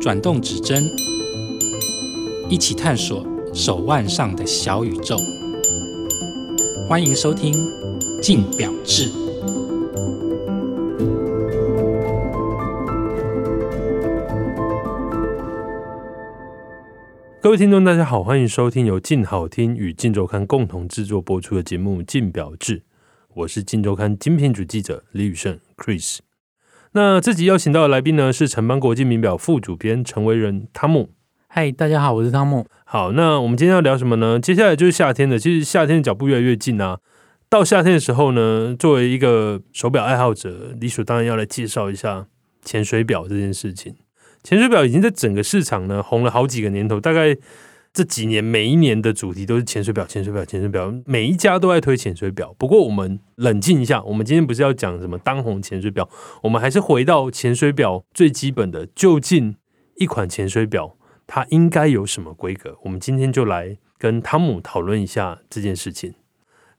轉動指針，一起探索手腕上的小宇宙。歡迎收聽《鏡錶誌》。各位聽眾，大家好，歡迎收聽由《鏡好聽》與《鏡週刊》共同製作播出的節目《鏡錶誌》，我是《鏡週刊》精品主記者李宇勝 Chris。那這集邀請到的來賓呢，是城邦國際名表副主編陳韋仁湯姆。嗨、hey，大家好，我是湯姆。好，那我們今天要聊什麼呢？接下來就是夏天了，其實夏天的腳步越來越近啊。到夏天的時候呢，作為一個手表愛好者，理所當然要來介紹一下潛水錶這件事情。潛水錶已經在整個市場呢紅了好幾個年頭，大概。這幾年每一年的主題都是潛水表，潛水表，潛水表，每一家都在推潛水表。不過我們冷靜一下，我們今天不是要講什麼當紅潛水表，我們還是回到潛水表最基本的，究竟一款潛水表它應該有什麼規格？我們今天就來跟湯姆討論一下這件事情。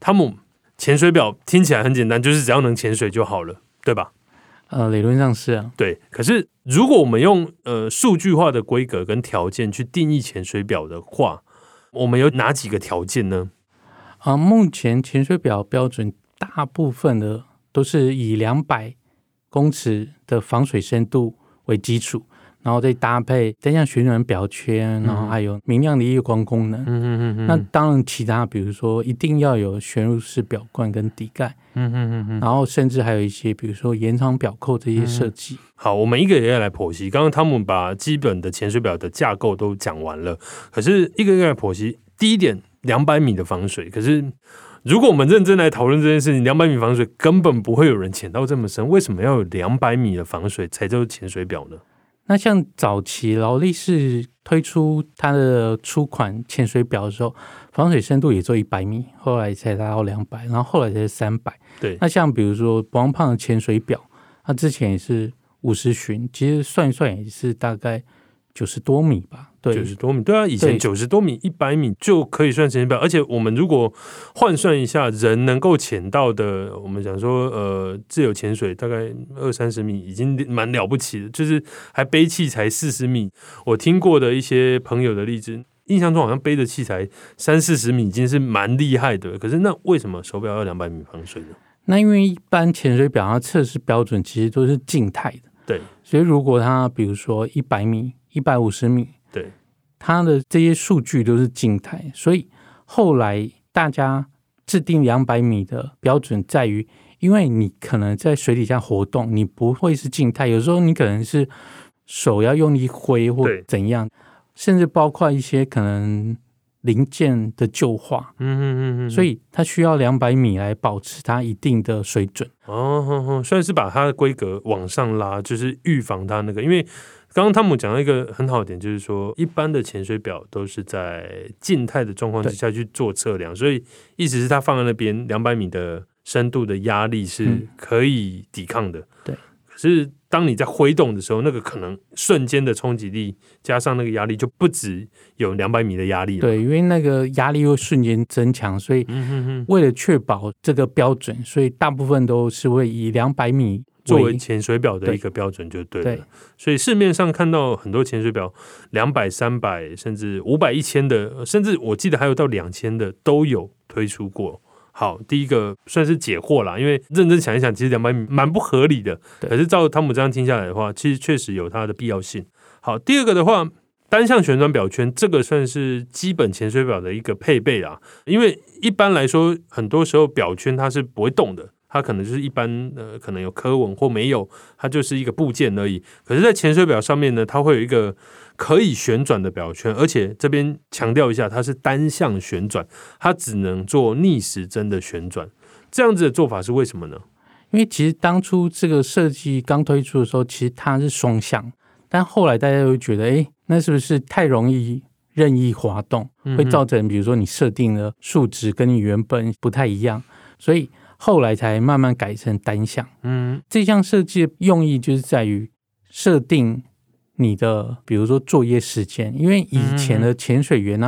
湯姆，潛水表聽起來很簡單，就是只要能潛水就好了，對吧？呃，理論上是啊，對。可是如果我們用呃數據化的規格跟條件去定義潛水表的話，我們有哪幾個條件呢？啊、呃，目前潛水表標準大部分的都是以兩百公尺的防水深度為基礎。然後再搭配，單向旋轉錶圈，然後還有明亮的夜光功能。嗯嗯，那當然，其他比如說一定要有旋入式錶冠跟底蓋。嗯嗯，然後甚至還有一些，比如說延長錶扣這些設計。嗯。好，我們一個一個來剖析。剛剛他們把基本的潛水錶的架構都講完了，可是一個一個來剖析。第一點，兩百米的防水。可是如果我們認真來討論這件事情，兩百米防水根本不會有人潛到這麼深，為什麼要有兩百米的防水才叫潛水錶呢？那像早期勞力士推出它的初款潛水錶的時候，防水深度也做一百米，後來才達到兩百，然後後來才是三百。對，那像比如說寶珀的潛水錶，它之前也是五十噚，其實算一算也是大概。九十多米吧，對，九十多米，對啊，以前九十多米、一百米就可以算潛水表，而且我們如果換算一下，人能夠潛到的，我們講說呃，自由潛水大概二三十米已經蠻了不起的，就是還背器材四十米，我聽過的一些朋友的例子，印象中好像背着器材三四十米已經是蠻厲害的，可是那為什麼手表要兩百米防水呢？那因為一般潛水表它測試標準其實都是靜態的，對，所以如果它比如說一百米。一百五十米，對，它的這些數據都是靜態，所以後來大家制定兩百米的標準，在於，因為你可能在水底下活動，你不會是靜態，有時候你可能是手要用力揮或怎樣，甚至包括一些可能零件的舊化，嗯哼嗯嗯，所以它需要兩百米來保持它一定的水準。哦，算是把它的規格往上拉，就是預防它那個，因為。剛剛湯姆講到一個很好的點，就是說一般的潛水錶都是在靜態的狀況之下去做測量，所以意思是他放在那邊兩百米的深度的壓力是可以抵抗的，嗯。對，可是當你在揮動的時候，那個可能瞬間的衝擊力加上那個壓力就不止有兩百米的壓力了。對，因為那個壓力會瞬間增強，所以為了確保這個標準，所以大部分都是會以兩百米，作為潛水表的一個標準。對，就對了對，所以市面上看到很多潛水表兩百、三百，甚至五百、一千的，甚至我記得還有到兩千的都有推出過。好，第一個算是解惑啦，因為認真想一想，其實兩百米蠻不合理的，可是照湯姆這樣聽下來的話，其實確實有它的必要性。好，第二個的話，單向旋轉表圈這個算是基本潛水表的一個配備啊，因為一般來說，很多時候表圈它是不會動的。它可能就是一般呃，可能有刻紋或沒有，它就是一個部件而已。可是，在潛水錶上面呢，它會有一個可以旋轉的表圈，而且這邊強調一下，它是單向旋轉，它只能做逆時針的旋轉。這樣子的做法是為什麼呢？因為其實當初這個設計剛推出的時候，其實它是雙向，但後來大家又覺得，誒，那是不是太容易任意滑動，會造成比如說你設定的數值跟你原本不太一樣，所以。後來才慢慢改成單向。嗯，這項設計的用意就是在於設定你的，比如說作業時間。因為以前的潛水員呢、啊，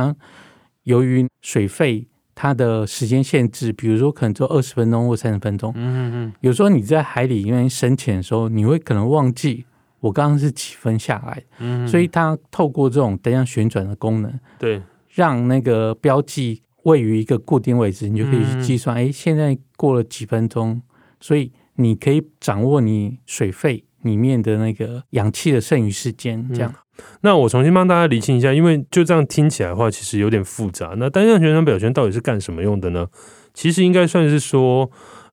由於水費，它的時間限制，比如說可能做二十分鐘或三十分鐘。嗯嗯。有時候你在海裡面深潛的時候，你會可能忘記我剛剛是幾分下來。嗯，所以它透過這種單向旋轉的功能，對，讓那個標記。位於一個固定位置，你就可以計算。哎、嗯，現在過了幾分鐘，所以你可以掌握你水肺裡面的那個氧氣的剩餘時間。這樣、嗯。那我重新幫大家理清一下，因為就這樣聽起來的話，其實有點複雜。那單向旋轉錶圈到底是幹什麼用的呢？其實應該算是說，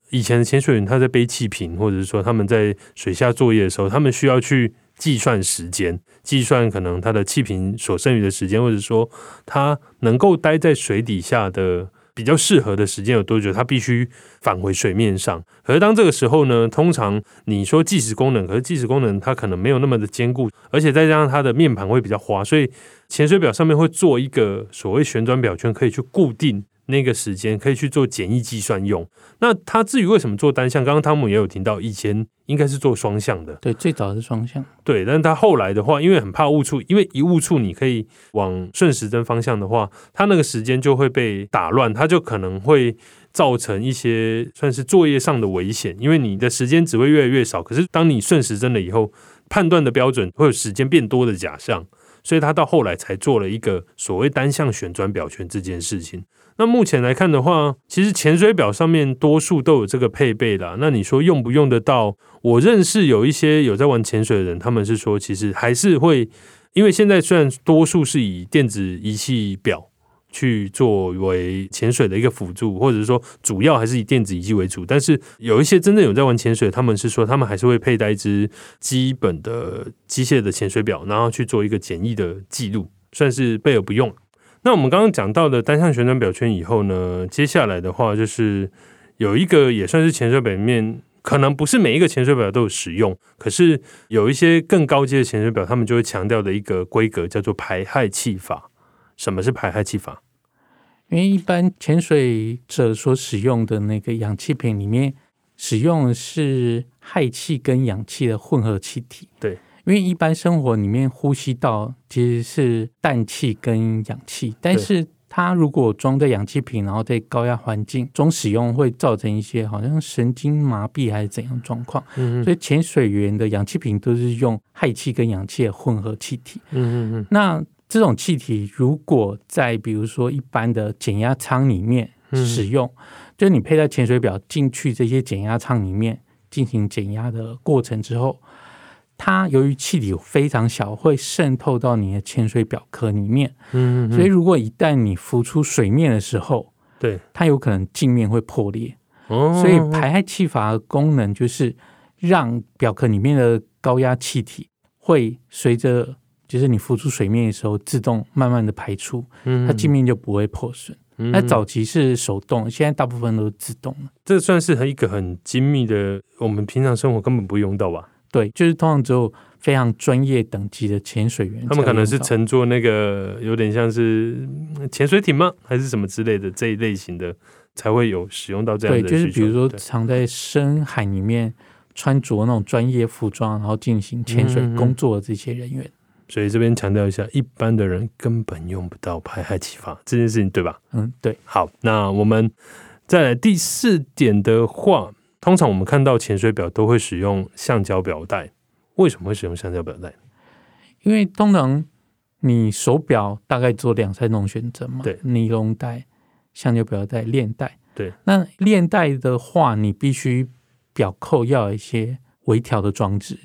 以前的潛水員他在背氣瓶，或者是說他們在水下作業的時候，他們需要去。計算時間，計算可能它的氣瓶所剩餘的時間，或者說它能夠待在水底下的比較適合的時間有多久，它必須返回水面上。而當這個時候呢，通常你說計時功能，可是計時功能它可能沒有那麼的堅固，而且再加上它的面盤會比較滑，所以潛水表上面會做一個所謂旋轉錶圈，可以去固定那個時間，可以去做簡易計算用。那它至於為什麼做單向，剛剛湯姆也有提到以前。應該是做雙向的，對，最早是雙向，對，但是他後來的話，因為很怕誤觸，因為一誤觸，你可以往順時針方向的話，他那個時間就會被打亂，他就可能會造成一些算是作業上的危險，因為你的時間只會越來越少，可是當你順時針了以後，判斷的標準會有時間變多的假象。所以他到後來才做了一個所謂單向旋轉錶圈這件事情。那目前來看的話，其實潛水錶上面多數都有這個配備啦。那你說用不用得到？我認識有一些有在玩潛水的人，他們是說其實還是會，因為現在雖然多數是以電子儀器錶。去作為潛水的一個輔助，或者是說主要還是以電子儀器為主。但是有一些真正有在玩潛水，他們是說他們還是會佩戴一支基本的機械的潛水表，然後去做一個簡易的記錄，算是備而不用。那我們剛剛講到的單向旋轉表圈以後呢，接下來的話就是有一個也算是潛水表面，可能不是每一個潛水表都有使用，可是有一些更高階的潛水表，他們就會強調的一個規格叫做排氦氣法。什麼是排氦氣法？因為一般潛水者所使用的那個氧氣瓶裡面使用的是氦氣跟氧氣的混合氣體。對，因為一般生活裡面呼吸到其實是氮氣跟氧氣，但是它如果裝在氧氣瓶，然後在高壓環境中使用，會造成一些好像神經麻痹還是怎樣狀況。嗯嗯，所以潛水員的氧氣瓶都是用氦氣跟氧氣的混合氣體。嗯嗯嗯，那。這種氣體如果在比如說一般的減壓艙裡面使用，嗯，就是你佩戴潛水錶進去這些減壓艙裡面進行減壓的過程之後，它由於氣體非常小，會滲透到你的潛水錶殼裡面。所以如果一旦你浮出水面的時候，對，它有可能鏡面會破裂。所以排氦氣閥的功能就是讓錶殼裡面的高壓氣體會隨着。就是你浮出水面的時候，自動慢慢的排出，它鏡面就不會破損。那、嗯、早期是手動，現在大部分都是自動了。這算是一個很精密的，我們平常生活根本不用到吧？對，就是通常只有非常專業等級的潛水員，他們可能是乘坐那個有點像是潛水艇嗎？還是什麼之類的這一類型的，才會有使用到這樣的需求。對，就是比如說藏在深海裡面，穿着那種專業服裝，然後進行潛水工作的這些人員。嗯嗯所以這邊強調一下，一般的人根本用不到排氦氣閥這件事情，對吧？嗯，對。好，那我們再來第四點的話，通常我們看到潛水錶都會使用橡膠錶帶，為什麼會使用橡膠錶帶？因為通常你手錶大概做兩三種選擇嘛，對，尼龍帶、橡膠錶帶、鏈帶。對，那鏈帶的話，你必須錶扣要有一些微調的裝置。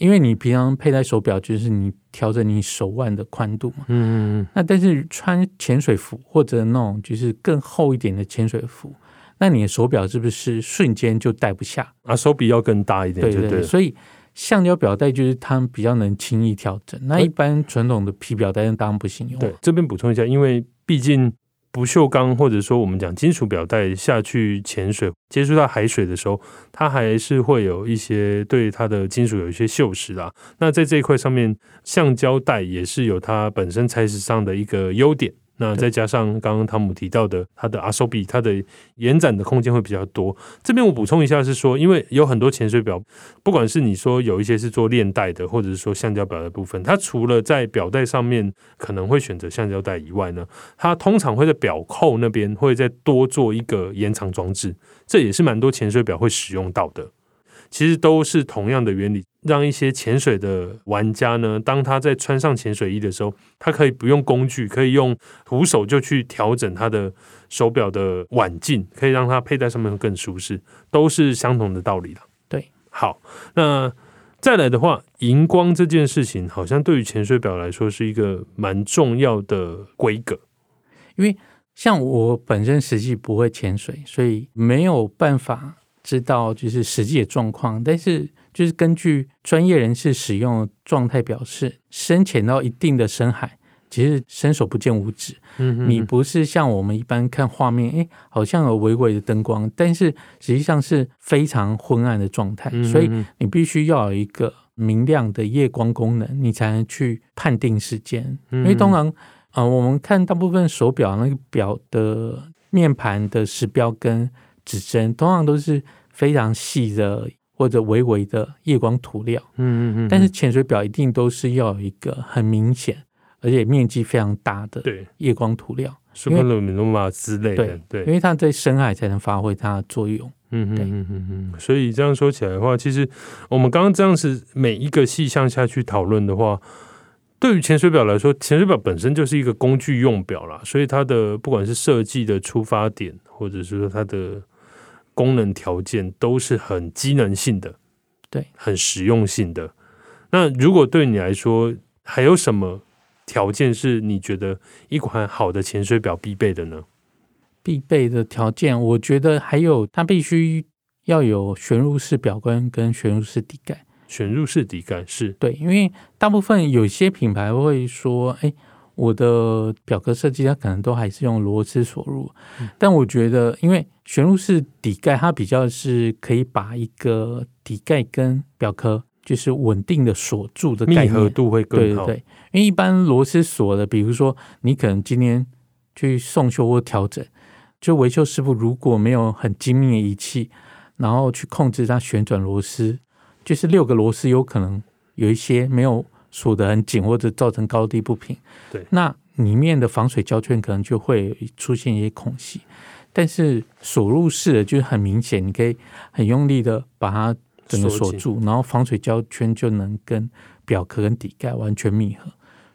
因為你平常佩戴手表，就是你調整你手腕的寬度嘛。嗯嗯，嗯。那但是穿潛水服或者那種就是更厚一點的潛水服，那你的手表是不是瞬間就戴不下？啊，手臂要更大一點對。對，對對。所以橡膠表帶就是它比較能輕易調整，欸。那一般傳統的皮表帶當然不行用，啊。對，這邊補充一下，因為畢竟。不鏽鋼或者說我們講金屬錶帶下去潛水，接觸到海水的時候，它還是會有一些對它的金屬有一些鏽蝕啦。那在這一塊上面，橡膠帶也是有它本身材質上的一個優點。那再加上剛剛湯姆提到的，它的阿手錶它的延展的空間會比較多。這邊我補充一下是說，因為有很多潛水錶，不管是你說有一些是做鏈帶的，或者是說橡膠錶的部分，它除了在錶帶上面可能會選擇橡膠帶以外呢，它通常會在錶扣那邊會再多做一個延長裝置，這也是蠻多潛水錶會使用到的。其實都是同樣的原理，讓一些潛水的玩家呢，當他在穿上潛水衣的時候，他可以不用工具，可以用徒手就去調整他的手表的腕徑，可以讓它佩戴上面更舒適，都是相同的道理的。對，好，那再來的話，熒光這件事情，好像對於潛水表來說是一個蠻重要的規格，因為像我本身實際不會潛水，所以沒有辦法。知道就是實際的狀況，但是就是根據專業人士使用的狀態表示，深潛到一定的深海，其實伸手不見五指。嗯、你不是像我們一般看畫面，哎，好像有微微的燈光，但是實際上是非常昏暗的狀態，嗯，所以你必須要有一個明亮的夜光功能，你才能去判定時間。嗯、因為通常啊、呃，我們看大部分手錶那個錶的面盤的時標跟。指針通常都是非常細的，或者微微的夜光塗料，嗯嗯嗯。但是潛水表一定都是要有一個很明顯而且面積非常大的夜光塗料，什麼魯米諾嘛之類的。對，對，因為它在深海才能發揮它的作用。嗯嗯嗯嗯，所以這樣說起來的話，其實我們剛剛這樣子每一個細項下去討論的話，對於潛水表來說，潛水表本身就是一個工具用表啦。所以它的不管是設計的出發點，或者是說它的功能條件都是很機能性的，對，很實用性的。那如果對你來說，還有什麼條件是你覺得一款好的潛水錶必備的呢？必備的條件，我覺得還有它必須要有旋入式錶冠跟，跟旋入式底蓋。旋入式底蓋是。對，因為大部分有些品牌會說，哎。我的錶殼設計，它可能都還是用螺絲鎖入，嗯，但我覺得，因為旋入式底蓋，它比較是可以把一個底蓋跟錶殼就是穩定的鎖住的概念。密合度會更好。對對對，因為一般螺絲鎖的，比如說你可能今天去送修或調整，就維修師傅如果沒有很精密的儀器，然後去控制它旋轉螺絲，就是六個螺絲有可能有一些沒有。鎖得很緊，或者造成高低不平，對，那裡面的防水膠圈可能就會出現一些空隙。但是鎖入式的就是很明顯，你可以很用力的把它整個鎖住，然後防水膠圈就能跟錶殼跟底蓋完全密合。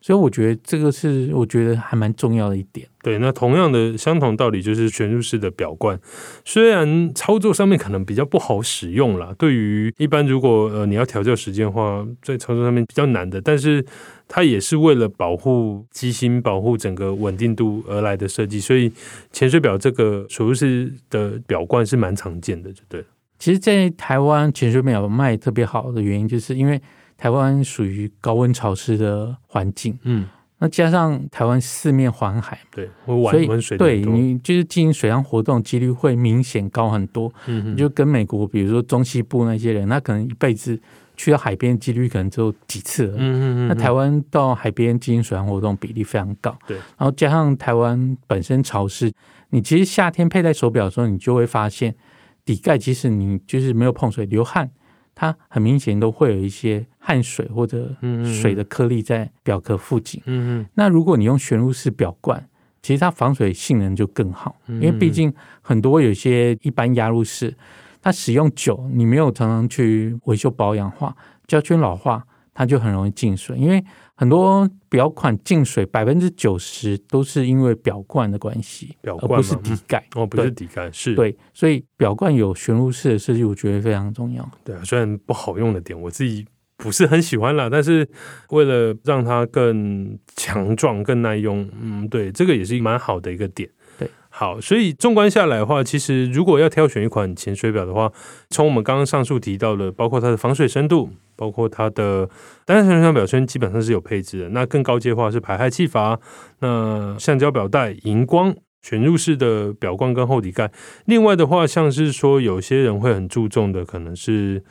所以我覺得這個是，我覺得還蠻重要的一點。對，那同樣的相同道理，就是旋入式的表冠，雖然操作上面可能比較不好使用啦，對於一般如果呃你要調校時間的話，在操作上面比較難的，但是它也是為了保護機芯、保護整個穩定度而來的設計。所以潛水表這個旋入式的表冠是蠻常見的，就對。其實，在台灣潛水表賣特別好的原因，就是因為。台灣屬於高溫潮濕的環境，嗯，那加上台灣四面環海，對，會溫水，所以對你就是進行水上活動幾率會明顯高很多。嗯，你就跟美國，比如說中西部那些人，那可能一輩子去到海邊幾率可能只有幾次了。嗯哼嗯嗯。那台灣到海邊進行水上活動比例非常高，對。然後加上台灣本身潮濕，你其實夏天佩戴手錶的時候，你就會發現底蓋，即使你就是沒有碰水，流汗。它很明顯都會有一些汗水或者水的顆粒在錶殼附近，嗯。嗯，嗯，那如果你用旋入式錶冠，其實它防水性能就更好，因為畢竟很多有些一般壓入式，它使用久，你沒有常常去維修保養，化膠圈老化。它就很容易進水，因為很多錶款進水百分之九十都是因為錶冠的關係，錶冠不是底蓋、嗯、哦，不是底蓋是對，所以錶冠有旋入式的設計，我覺得非常重要。對、啊，雖然不好用的點，我自己不是很喜歡啦，但是為了讓它更強壯、更耐用，嗯，對，這個也是蠻好的一個點。對，好，所以縱觀下來的話，其實如果要挑選一款潛水錶的話，從我們剛剛上述提到的，包括它的防水深度。包括它的單向上表圈基本上是有配置的，那更高階的話是排氦氣閥，那、呃、橡膠表帶、熒光、旋入式的表冠跟厚底蓋。另外的話，像是說有些人會很注重的，可能是。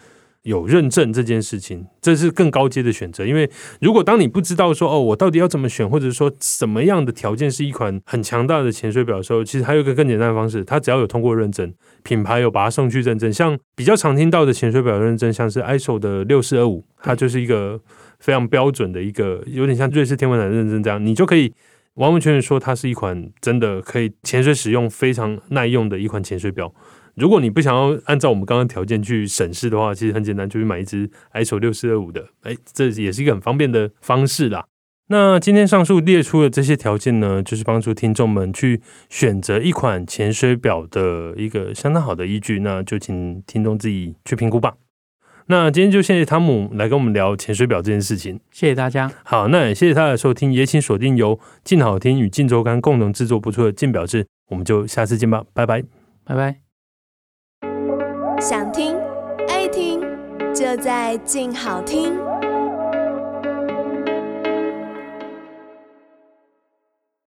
有認證這件事情，這是更高階的選擇。因為如果當你不知道說哦，我到底要怎麼選，或者說什麼樣的條件是一款很強大的潛水表的時候，其實還有一個更簡單的方式，它只要有通過認證，品牌有把它送去認證，像比較常聽到的潛水表認證，像是 ISO 的六四二五，它就是一個非常標準的一個，有點像瑞士天文台認證這樣，你就可以完完全全說它是一款真的可以潛水使用、非常耐用的一款潛水表。如果你不想要按照我們剛剛條件去審視的話，其實很簡單，就去買一只 ISO 6425的，哎，這也是一個很方便的方式啦。那今天上述列出的這些條件呢，就是幫助聽眾們去選擇一款潛水表的一個相當好的依據，那就請聽眾自己去評估吧。那今天就謝謝湯姆來跟我們聊潛水表這件事情，謝謝大家。好，那也謝謝大家收聽，也請鎖定由鏡好聽與鏡週刊共同制作不錯的《鏡錶誌》，我們就下次見吧，拜拜，拜拜。想聽愛聽，就在鏡好聽。